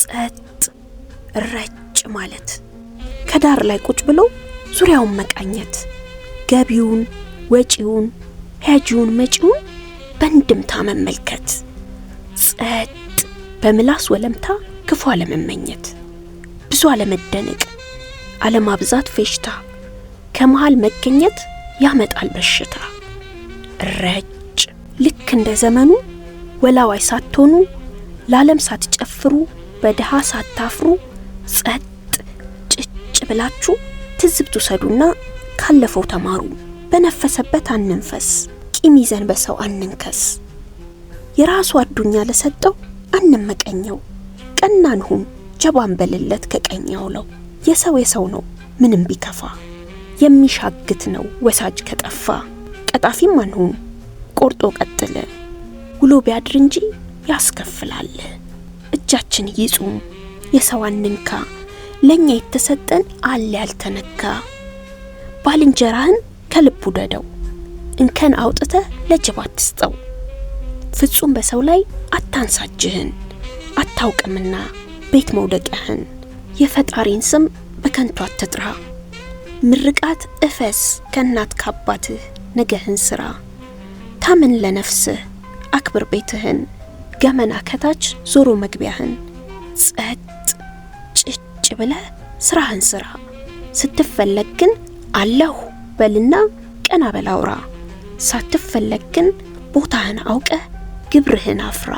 ጸጥ ረጭ ማለት፣ ከዳር ላይ ቁጭ ብሎ ዙሪያውን መቃኘት፣ ገቢውን፣ ወጪውን፣ ሄጂውን፣ መጪውን በእንድምታ መመልከት፣ ጸጥ በምላስ ወለምታ ክፉ አለመመኘት፣ ብዙ አለመደነቅ፣ አለማብዛት ፌሽታ፣ ከመሃል መገኘት ያመጣል በሽታ። ረጭ ልክ እንደ ዘመኑ ወላዋይ ሳትሆኑ ለዓለም ሳትጨፍሩ በድሃ ሳታፍሩ ጸጥ ጭጭ ብላችሁ ትዝብት ውሰዱና ካለፈው ተማሩ። በነፈሰበት አንንፈስ፣ ቂም ይዘን በሰው አንንከስ። የራሱ አዱኛ ለሰጠው አንመቀኘው። ቀናንሁም ጀባን በልለት ከቀኝ አውለው። የሰው የሰው ነው ምንም ቢከፋ፣ የሚሻግት ነው ወሳጅ ከጠፋ። ቀጣፊም አንሁን ቆርጦ ቀጥለ፣ ውሎ ቢያድር እንጂ ያስከፍላል። እጃችን ይጹም፣ የሰው አንንካ፣ ለእኛ የተሰጠን አለ ያልተነካ። ባልንጀራህን ከልቡ ደደው እንከን አውጥተህ ለጅብ አትስጠው። ፍጹም በሰው ላይ አታንሳጅህን፣ አታውቅምና ቤት መውደቂያህን። የፈጣሪን ስም በከንቱ አትጥራ፣ ምርቃት እፈስ ከእናት ካባትህ ነገህን ስራ። ታምን ለነፍስህ አክብር ቤትህን ገመና ከታች ዞሮ መግቢያህን ጸጥ ጭጭ ብለ ስራህን ስራ። ስትፈለግ ግን አለሁ በልና ቀና በላውራ ሳትፈለግ ግን ቦታህን አውቀ ግብርህን አፍራ።